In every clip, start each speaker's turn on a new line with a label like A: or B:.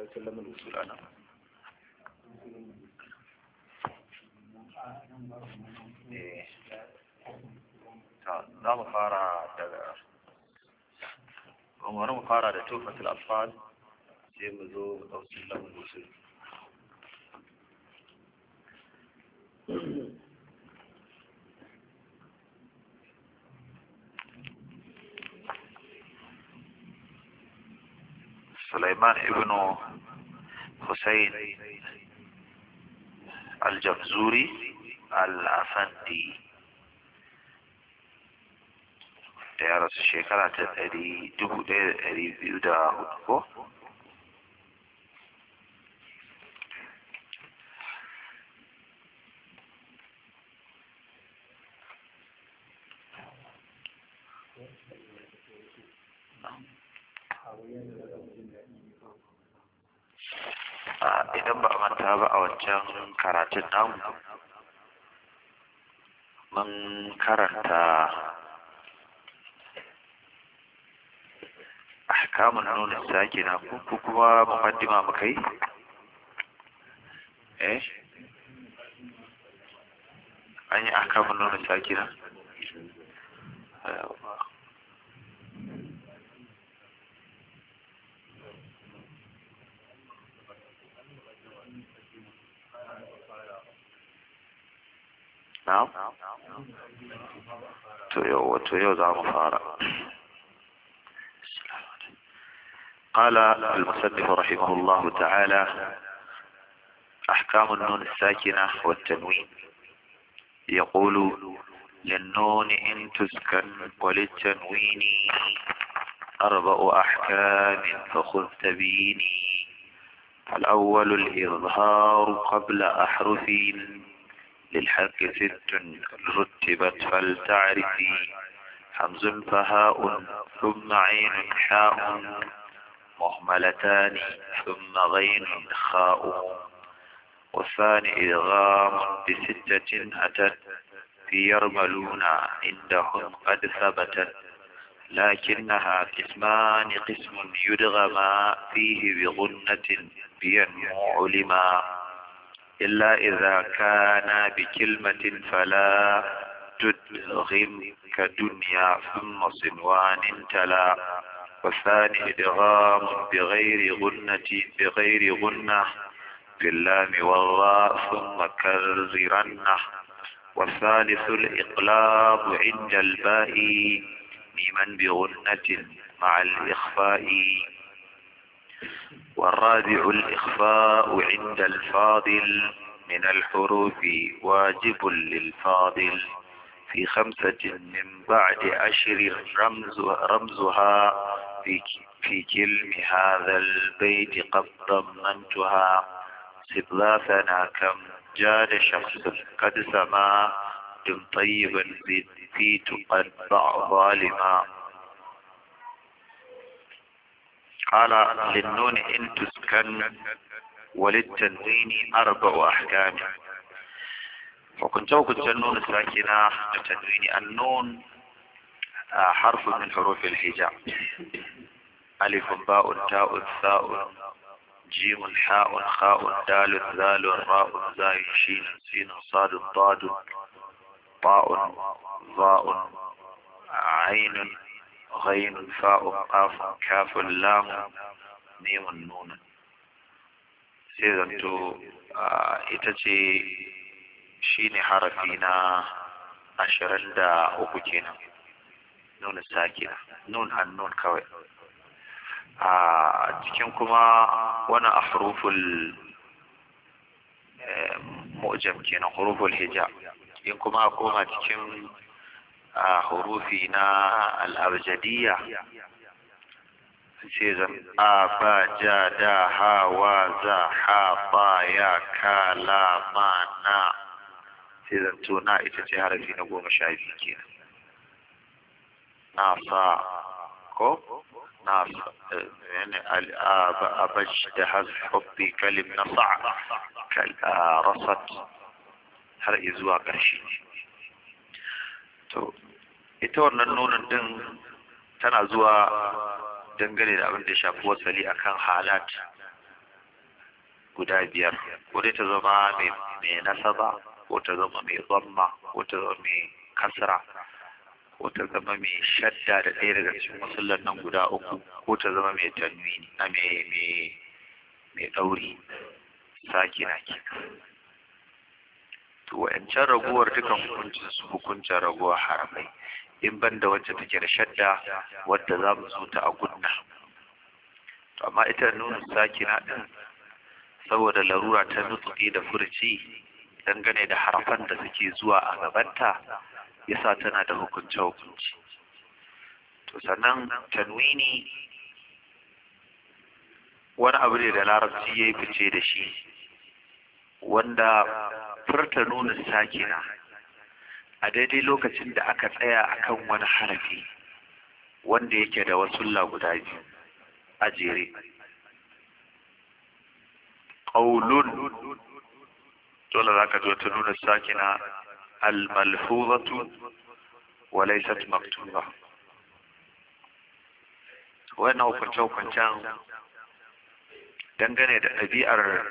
A: sarkin eh, mu fara da tufatul alfad sai mu zo mu ɗauki سليمان ابن حسين الجفزوري الافندي تيارة الشيكالة تدري دبو دي بيودا هدفو idan ba a manta ba a wancan karatun namu mun karanta ahkamun nuna sake na ko kuma mukaddima muka yi eh an yi ahkamun nuna sake na نعم to yau wato قال المصنف رحمه الله تعالى أحكام النون الساكنة والتنوين يقول للنون إن تسكن وللتنوين أربع أحكام فخذ تبيني الأول الإظهار قبل أحرف للحرف ست رتبت فلتعرفي حمز فهاء ثم عين حاء مهملتان ثم غين خاء والثاني إدغام بستة أتت في يرملون عندهم قد ثبتت لكنها قسمان قسم يدغما فيه بغنة بينمو علما إلا إذا كان بكلمة فلا تدغم كدنيا ثم صنوان تلا والثاني إدغام بغير غنة بغير غنة في اللام والراء ثم كررنه والثالث الإقلاب عند الباء ميما بغنة مع الإخفاء والرابع الإخفاء عند الفاضل من الحروف واجب للفاضل في خمسة من بعد عشر رمز رمزها في في كلم هذا البيت قد ضمنتها سبلاثنا كم جاد شخص قد سما دم طيبا زد في تقد ظالما قال للنون إن تسكن وللتنوين أربع أحكام وكنت كنت النون الساكنة التنوين النون حرف من حروف الحجاء ألف باء تاء ثاء جيم حاء خاء دال ذال راء زاي شين سين صاد ضاد طاء ظاء عين غين فاء قاف كاف لام ميم نون sai zanto ita ce shi ne harafi na ashirin da uku kenan nun sakina nun annun kawai a cikin kuma wani a huruful mu'jam kenan huruful hijab in kuma koma cikin آه، حروفنا الأبجدية سيزم أبا آه، جادا هاوزا حابا يا كالا مانا سيزم تونا إتتي حرفين وقوم شايفين نافا كو نافا يعني أبجد هذا حبي كلم نصع رصت هرئي زواقر شيني ita wannan nonon din tana zuwa dangane da abin da ya shafi wasali kan halat guda biyar ko dai ta zama mai nasaba ko ta zama mai zamma ko ta zama mai kasra ko ta zama mai shadda da ɗaya daga cikin musullan nan guda uku ko ta zama mai tanwi na mai ɗauri saki na ke to wa'ancan raguwar dukan hukuncin su hukuncin raguwar haramai. in ban da wacce take da shadda wadda za mu zo ta a gunna to amma ita nunu sakina din saboda larura ta nutsuki da furci dangane da harfan da suke zuwa a gabanta yasa tana da hukunce hukunci to sannan tanwini wani abu ne da larabci ya yi fice da shi wanda furta nunin sakina a daidai lokacin da aka tsaya akan wani harafi wanda yake da wasu guda biyu a jere ƙaulun dole za ka zo ta nuna sakina almalfuzatu wa laysat maktuba wannan hukunce-hukuncen dangane da ɗabi'ar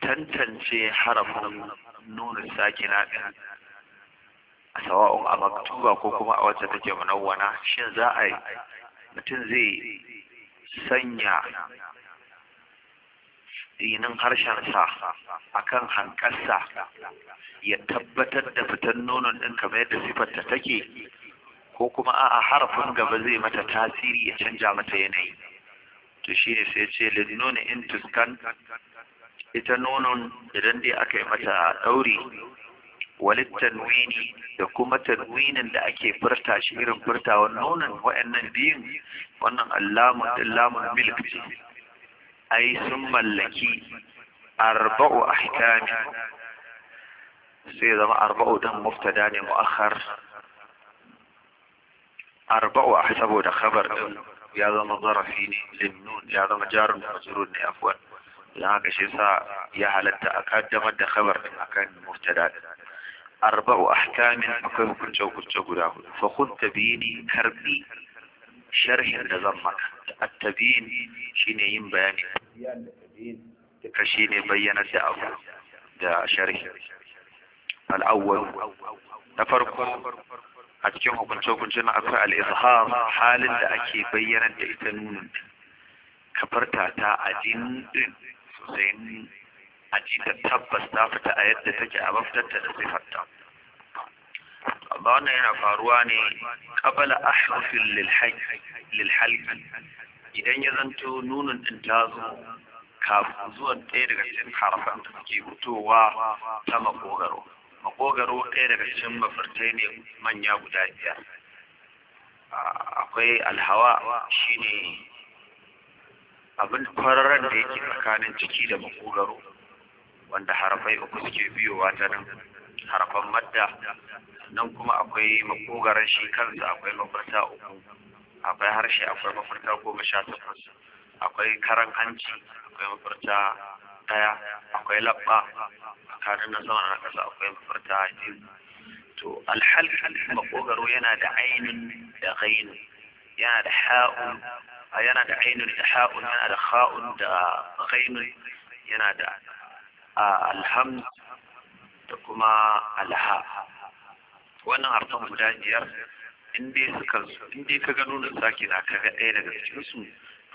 A: tantance harafin nuna sakina din a sawa'un a maktuba ko kuma a wacce take munawwana shin za a yi mutum zai sanya dinin harshensa a kan hankarsa ya tabbatar da fitar nonon ɗin kamar yadda sifarta take ko kuma a harafin gaba zai mata tasiri ya canja mata yanayi to shi ne sai ce linnuni in tuskan ita nonon idan dai aka yi mata dauri walit tanwini da kuma tanwinin da ake furta shi irin furtawan nonon wayannan biyun wannan allamun din lamun milk ce ai sun mallaki arba'u ahkami sai zama arba'u dan muftada ne mu'akhar arba'u a saboda khabar ya zama zarafi ne limnun ya zama jarun majrur ne afwan لهك شيء صار يا هل التأكد ما كان أكان مرتداً أربع أحكام أكون كل جو كل جو له فخذ تبيني كربي شرح نظمك التبين شيني بياني كشيني بيانة أو دا شرح الأول نفرق أتكون كل جو كل جو أكون الإظهار حال لأكي بيانة إتنون كبرتا تا أجين hussein aƙidar tabbas ta fita a yadda take a mafitarta da sifarta amma wannan yana faruwa ne ƙabala harfin lilhalki idan ya zanto nunan ɗin ta zo kafin zuwan ɗaya daga cikin harafan da suke fitowa ta makogaro makogaro ɗaya daga cikin mafartai ne manya guda biyar akwai alhawa shine abin kwararren da yake tsakanin ciki da makogaro wanda harafai uku suke biyowa ta nan harafan madda nan kuma akwai makogaran shi kansa akwai mafarta uku akwai harshe akwai mafarta goma sha takwas akwai karan hanci akwai mafarta daya akwai labba tsakanin na sama na kasa akwai mafarta biyu to alhal makogaro yana da ainin da ghainu yana da ha'u yana da ainihin da ha'un yana da ha'un da ghainun yana da alhamd da kuma alha wannan harfan guda biyar in dai ka ga nunin na ka ɗaya daga cikinsu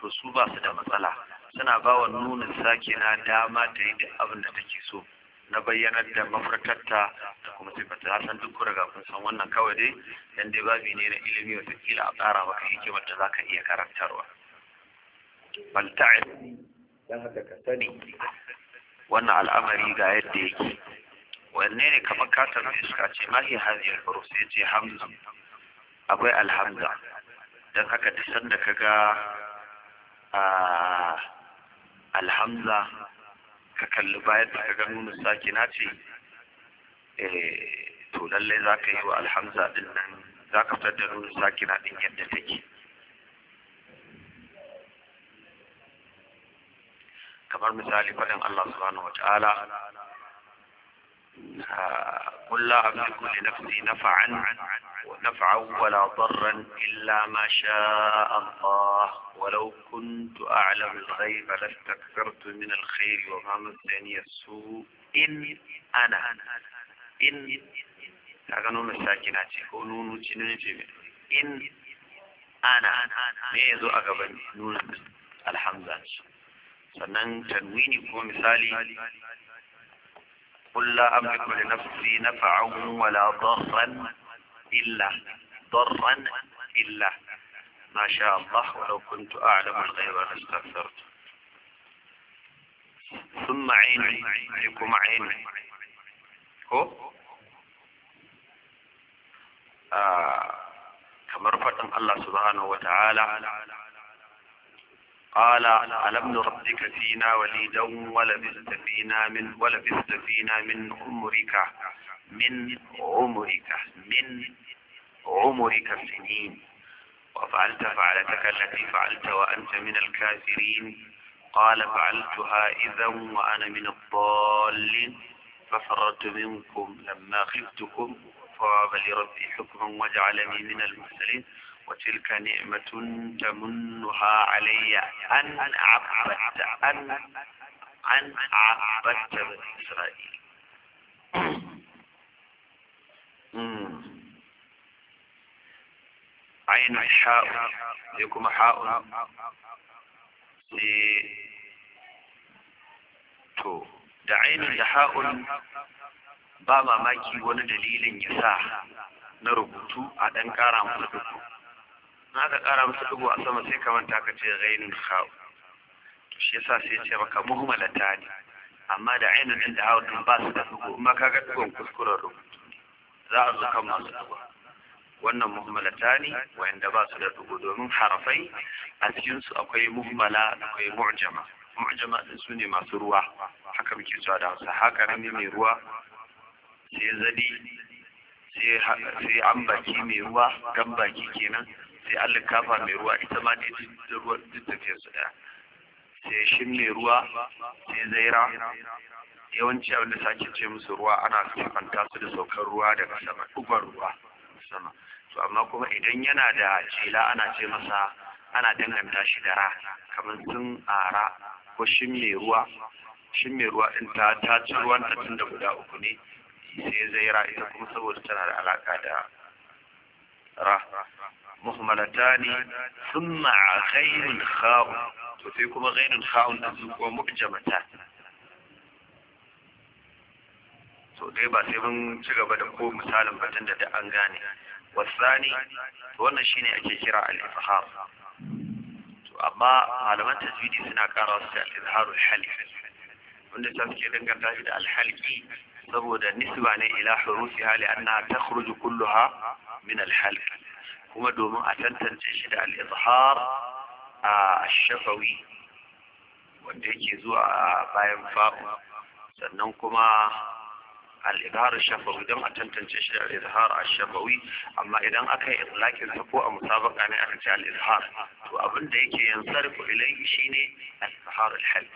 A: to su ba su da matsala suna ba wa nunin sakina dama ta yi da abin da take so na bayyanar da mafarkarta da kuma sifata ya san duk daga kun san wannan kawai dai dan dai babu ne na ilimi watakila a tsara maka hikimar da zaka iya karantarwa bal ta'ib dan haka ka sani wannan al'amari ga yadda yake wanne ne kamar ka tafi suka ce ma hi haziyar al-furus yace hamza akwai alhamza dan haka duk sanda kaga a ah, alhamza ka kalli bayan da ka ga nunin sakina ce eh, to lallai za ka yi wa alhamza din nan za ka fitar da nunin sakina din yadda take kamar misali faɗin Allah subhanahu wata'ala قل لا أملك لنفسي نفعا نفعا ولا ضرا إلا ما شاء الله ولو كنت أعلم الغيب لاستكثرت من الخير وما مسني السوء إن أنا إن هذا نون الساكنات هو نون إن أنا ميزو أقبل نون الحمزة sannan tanwini ko misali قل لا أملك لنفسي نفعا ولا ضرا إلا ضرا إلا ما شاء الله ولو كنت أعلم الغيب لاستغفرت ثم عين لكم عين هو آه، كما faɗin الله سبحانه وتعالى قال ألم نربك فينا وليدا ولبثت فينا من ولبثت فينا من عمرك من عمرك من عمرك السنين وفعلت فعلتك التي فعلت وأنت من الكافرين قال فعلتها إذا وأنا من الضالين ففررت منكم لما خفتكم فعب لربي حكما وجعلني من المرسلين وتلك نعمة تمنها علي أن عبدت أن عبدت بني إسرائيل ayin ha'u, sai kuma ha'un sai to da ainin da ha'un ba mamaki wani dalilin ya sa na rubutu a ɗan ƙara musu dubu na ka ƙara musu dubu a sama sai ka manta ka ce ghainin ha'u to shi yasa sai ce maka muhmalata ne amma da ainin da ha'un ba su da dubu amma kaga ga dugon kuskuren rubutu za a zo kan masu dubu wannan muhmalata ne wa'anda ba su da dugo domin harafai a cikinsu akwai muhmala akwai mu'jama mu'jama din su ne masu ruwa haka muke cewa da hausa haka ne mai ruwa sai zadi sai an baki mai ruwa gan baki kenan sai an kafa mai ruwa ita ma ne duk su daya sai shin mai ruwa sai zaira yawanci abin da sake ce musu ruwa ana kafanta su da saukar ruwa daga sama ɗuban ruwa sama to amma kuma idan yana da cila ana ce masa ana danganta shi da ra kamar tun ara ko shin mai ruwa shin mai ruwa din ta ta ci ruwan ta tun da guda uku ne sai zaira ita kuma saboda tana da alaka da ra muhammalatani thumma ghairul kha'u to sai kuma ghairul kha'un da su kuma mukjamata to dai ba sai mun ci gaba da ko misalin batun da an gane wasani to wannan shine ake kira al-izhar amma malaman tajwidi suna kara su da al-izharul halif wanda ta suke danganta shi da al-halqi saboda nisba ne ila hurufiha ana annaha takhruju kulluha min al-halq kuma domin a tantance shi da al-izhar a shafawi wanda yake zuwa bayan fa'u sannan kuma الإظهار الشفوي دم أتمتن تشير الإظهار الشفوي أما إذا أكي إطلاك الحقوة مطابق أنا يعني أكتع الإظهار وأبن ديك ينصرف إليه شيني الإظهار الحلف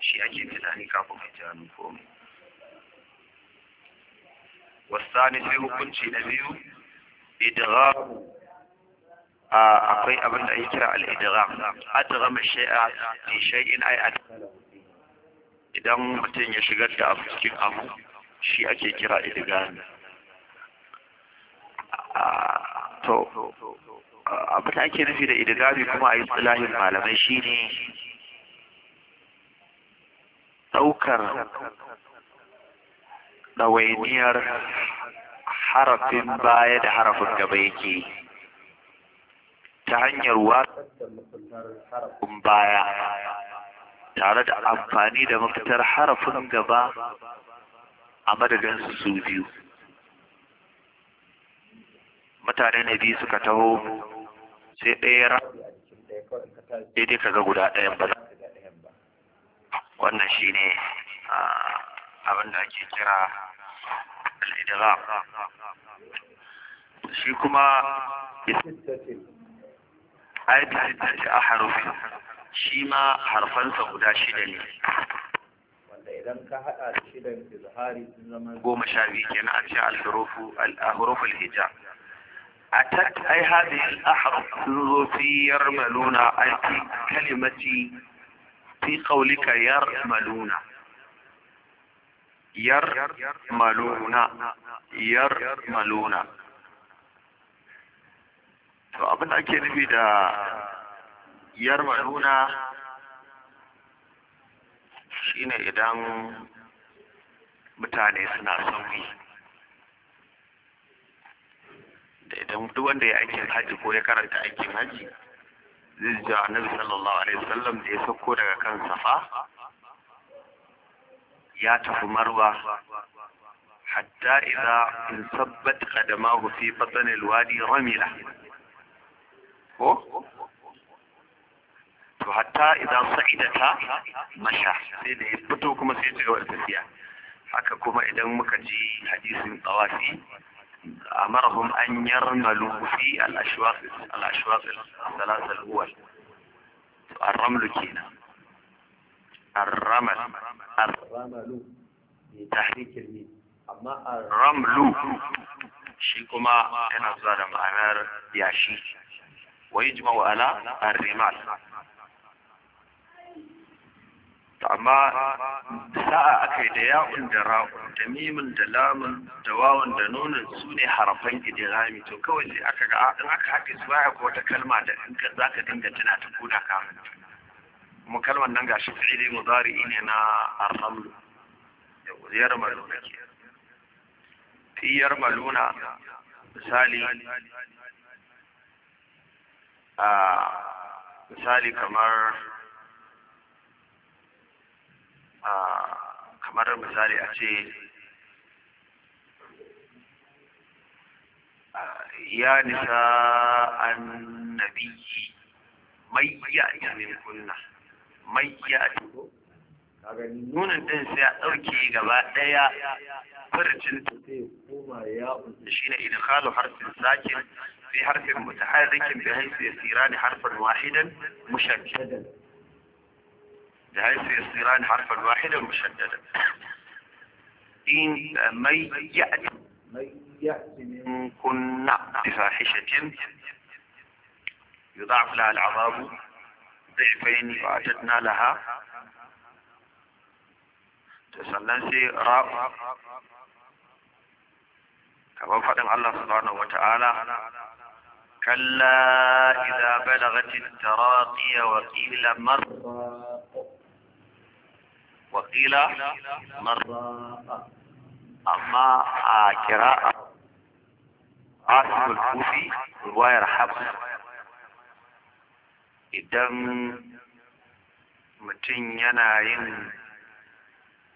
A: شي أجي من كافو كابو حتان فهم والثاني فيه كنت نبيه إدغام آه، أقوي أبن أيكا الإدغام أدغم الشيء في شيء أي أدغم إذا متن يشغل تأفسك أمو shi ake kira idigami to abin da ake nufi da idigami kuma a yi tsalahin malamai shine ɗaukar ɗawainiyar
B: harafin baya da harafin gaba yake
A: ta hanyar harafin baya tare da amfani da mafitar harafin gaba a madadin su su biyu mutane na biyu suka taho sai ɗaya ra daidai ka ga guda ɗayan ba wannan shi ne abin da ake kira al'idira shi kuma ayatul tashi a harufi shi ma harfansa guda shida ne wanda idan ka haɗa goma sha biyu kenan a cikin alhurufu alhurufu alhijab أتت أي هذه الأحرف في يرملون أي في كلمة في قولك يرملون يرملون يرملون to abin da ake nufi da yarmaluna shine idan mutane suna sauyi da idan duk wanda ya aikin haji ko ya karanta aikin haji zai ji annabi sallallahu alaihi wasallam da ya sauko daga kan safa ya tafi marwa hatta idza insabbat qadamahu fi batn alwadi ramila ko to hatta idan sa'idata masha sai da ya fito kuma sai ya ci gaba da tafiya haka kuma idan muka ji hadisin tawafi amarhum an yarmalu fi al-ashwaq al-ashwaq al-thalath al-awwal ar-ramlu kina ar-ramal ar-ramalu bi tahrik al-mim amma ar-ramlu shi kuma yana zuwa da ma'anar yashi wa yajma'u ala ar-rimal to amma sa'a aka yi da ya'un da ra'un da mimin da lamun da wawan da nunin su ne harafan idirami to kawai sai aka ga in aka haɗe su baya ko wata kalma da in ka za ka dinga tana ta kuna kamun kuma kalmar nan ga shi fi'ili mudari'i ne na arramlu da wuziyar maluna ke fiyar maluna misali a misali kamar kamar misali a ce ya nisa annabi mai ya min kunna mai ya nunan din sai a ɗauke gaba ɗaya furcin shi ne idkhalu harfin sakin fi harfin mutaharrikin bi haythu yasirani harfan wahidan mushaddadan بحيث يصدران حرفا واحدا مشددا إن من يأتي من كنا بفاحشة يضاعف لها العذاب ضعفين وأعتدنا لها تسلنسي راء كما فعل الله سبحانه وتعالى كلا إذا بلغت التراقي وقيل مر wakila marra amma a kira'a asimul kufi wayar habs idan mutum yana yin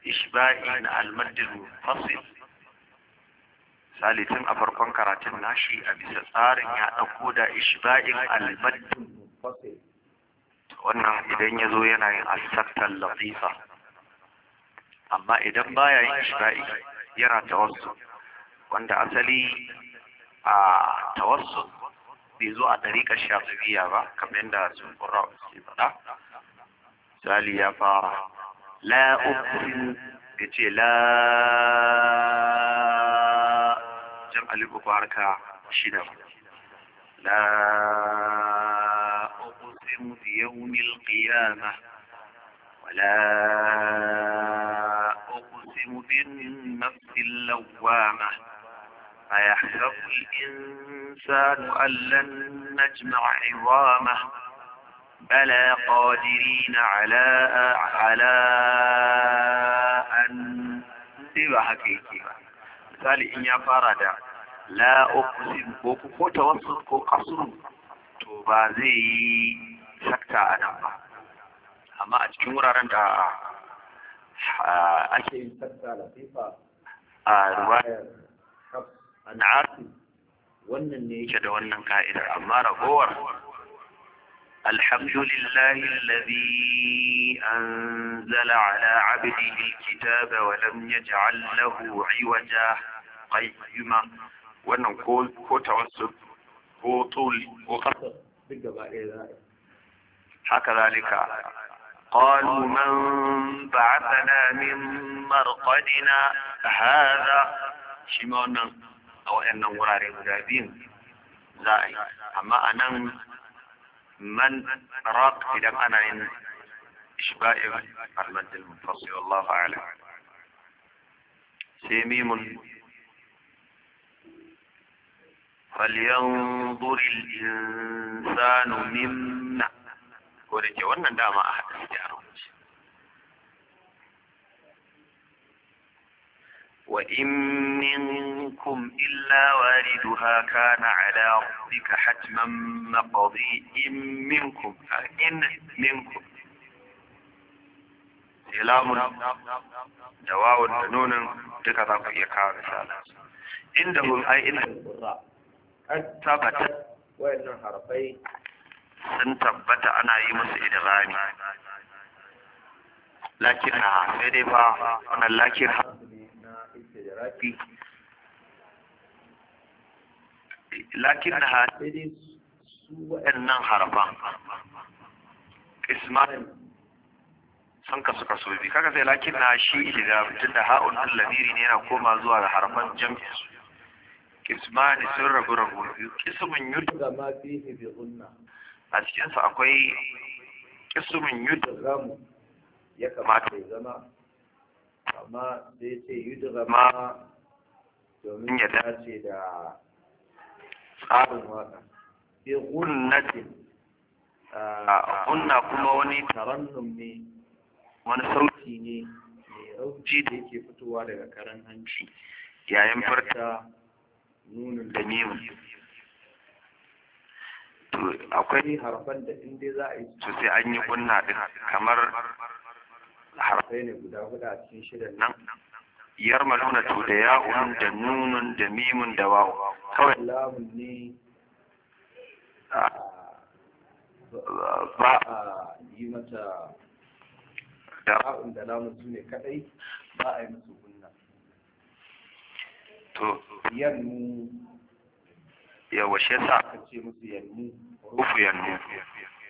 A: ishba'i na almaddin fasil salitin a farkon karatun nashi a bisa tsarin ya ɗauko da ishba'in almaddin wannan idan ya zo yana yin asaktar lafifa amma idan baya yin ishfa'i yana tawassu wanda asali a tawassu bai zo a ɗariƙar shafiya ba kamar yadda sun kura su faɗa misali ya fara la ukrim ya ce la jam alifu ko shida la ukrim bi yawmil qiyamah ولا أقسم بالنفس اللوامة أيحسب الإنسان أن لن نجمع عظامه بلى قادرين على على أن سوى حقيقي مثال إن يا فرد لا أقسم ofisin ko قصر توبازي سكتا أنا رواية الحمد لله الذي أنزل على عبده الكتاب ولم يجعل له عوجا قيما ونقول قول كتوسب قطول وقصر هكذا لك قالوا من بعثنا من مرقدنا هذا شمعنا أو أن وراري مدابين زائي أما أنا من راق إذا أنا إن إشباع المد المنفصل والله أعلم سيميم فلينظر الإنسان مما ko da ke wannan dama a haɗa suke a rubuce wa in minkum illa wariduha kana ala rabbika hatman maqdi in minkum in minkum ilamun da wawun da nunin duka za ku iya kawo misalan inda hum ai inda tabbata wayannan harafai sun tabbata ana yi musu idrani lakin na sai dai ba, wannan lakin ha lakin na ha sai dai su waɗannan harafan ismail sun kasu kaso biyu kaga sai lakin na shi idgham tunda ha'un al-lamiri ne yana koma zuwa ga harafan jam'i kismani sun rabu rabu biyu kismun yurda ma fihi bi gunna a cikinsa akwai kisumin yudramu ya kamata ya zama amma sai ce yudrama domin ya dace da tsarin waka bi gunnatin gunna kuma wani tarannum ne wani sauti ne mai rauci da yake fitowa daga karan hanci yayin farta nunin da mimu akwai harfan da in dai za a yi su sai an yi kunna din kamar harfai ne guda guda a cikin shidan nan maluna to da ya'un da nunun da mimun da wawu kawai lamun ne ba a yi mata da ra'un da lamun su ne kadai ba a yi musu kunna to yannu yawa shi yasa aka ce musu yanni rufu yanni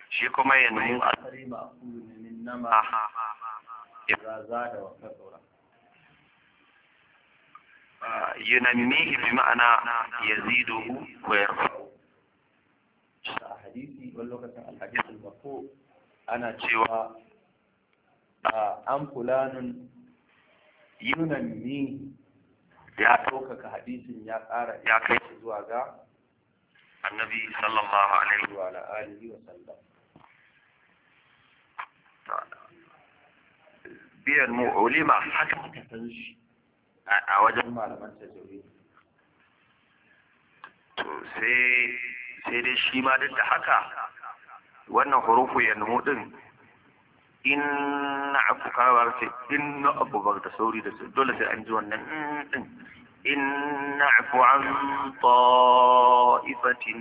A: shi kuma yanni asali ma min nama za da wata tsoron yunammihi bi ma'ana yaziduhu wa yarfa'u a hadisi wani lokacin alhadisi al-marfu ana cewa an fulanun yunammihi ya ɗaukaka hadisin ya ƙara ya kai shi zuwa ga النبي صلى الله عليه وعلى آله وسلم biyan mu ulima haka aka san shi a wajen malaman tajwid to sai sai dai shi ma duk da haka wannan hurufu ya numu din inna abu kawar ce inna abu da sauri da dole sai an ji wannan din إن نعف عن طائفة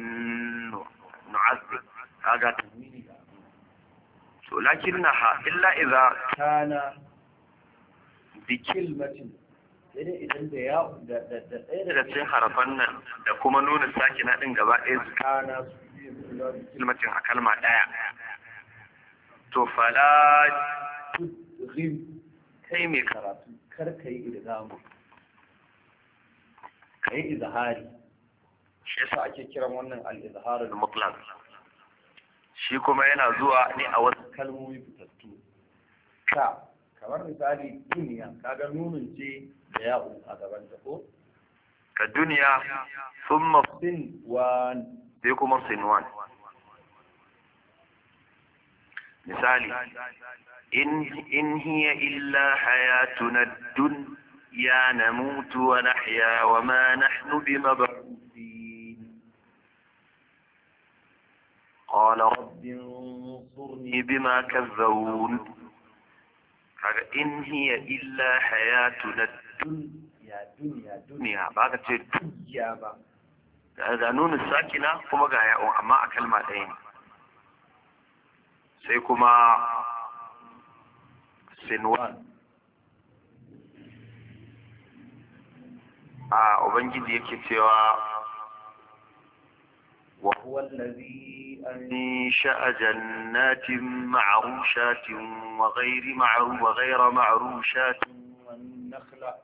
A: نعذب هذا تنوين لكنها إلا إذا كان بكلمة idan da ya da ɗaya da harafan nan da kuma nuna sakina ɗin gaba ɗaya su kana su kilmacin a kalma ɗaya to fala kai mai karatu kar ka yi idgamu ka yi izhari shi yasa ake kiran wannan al-izharul mutlaq shi kuma yana zuwa ne a wasu kalmomi fitattu ka kamar misali duniya kaga nunun ce da ya'u a gaban ta ko ka duniya thumma sin wa sai kuma sin sinwan misali in in hiya illa hayatuna dunya يا نموت ونحيا وما نحن بمبعوثين قال رب انصرني بما كذبون إن هي إلا حياتنا الدنيا دنيا دنيا بعد الدنيا هذا نون الساكنة sakina kuma ga كلمتين سيكما سنوان a ubangiji yake cewa wa huwa allazi ansha'a jannatin ma'rushatin wa ghairi ma'ruf wa ghaira ma'rushatin wan nakhla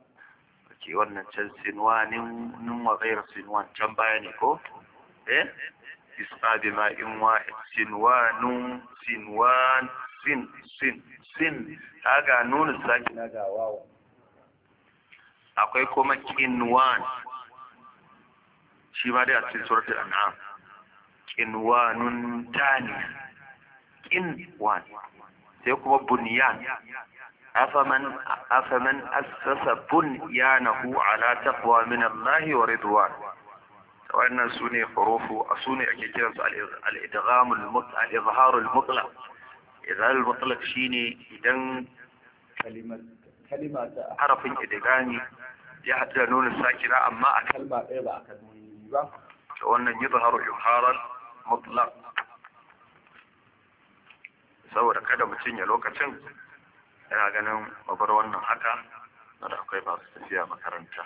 A: ke wannan can sinwanin nun wa ghair sinwan can baya ne ko eh isqa bi ma'in wahid sinwanun sinwan sin sin sin kaga nunu sakin ga wawa akwai kuma kinwan shi ma dai a cikin suratul an'am kinwanun tani kinwan sai kuma bunyan afaman afaman assasa bunyanahu ala taqwa min Allah wa ridwan wannan sune hurufu sune ake kiransu al-idgham al-mutlaq al-izhar al-mutlaq idhar al-mutlaq shine idan kalimar harafin idigani ya haɗu da nuna sakira amma a kalma ɗaya ba a kalmomi ba to wannan yi zaharu iharar mutlak saboda kada mutum ya lokacin yana ganin babar wannan haka na da akwai masu tafiya makaranta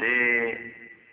A: sai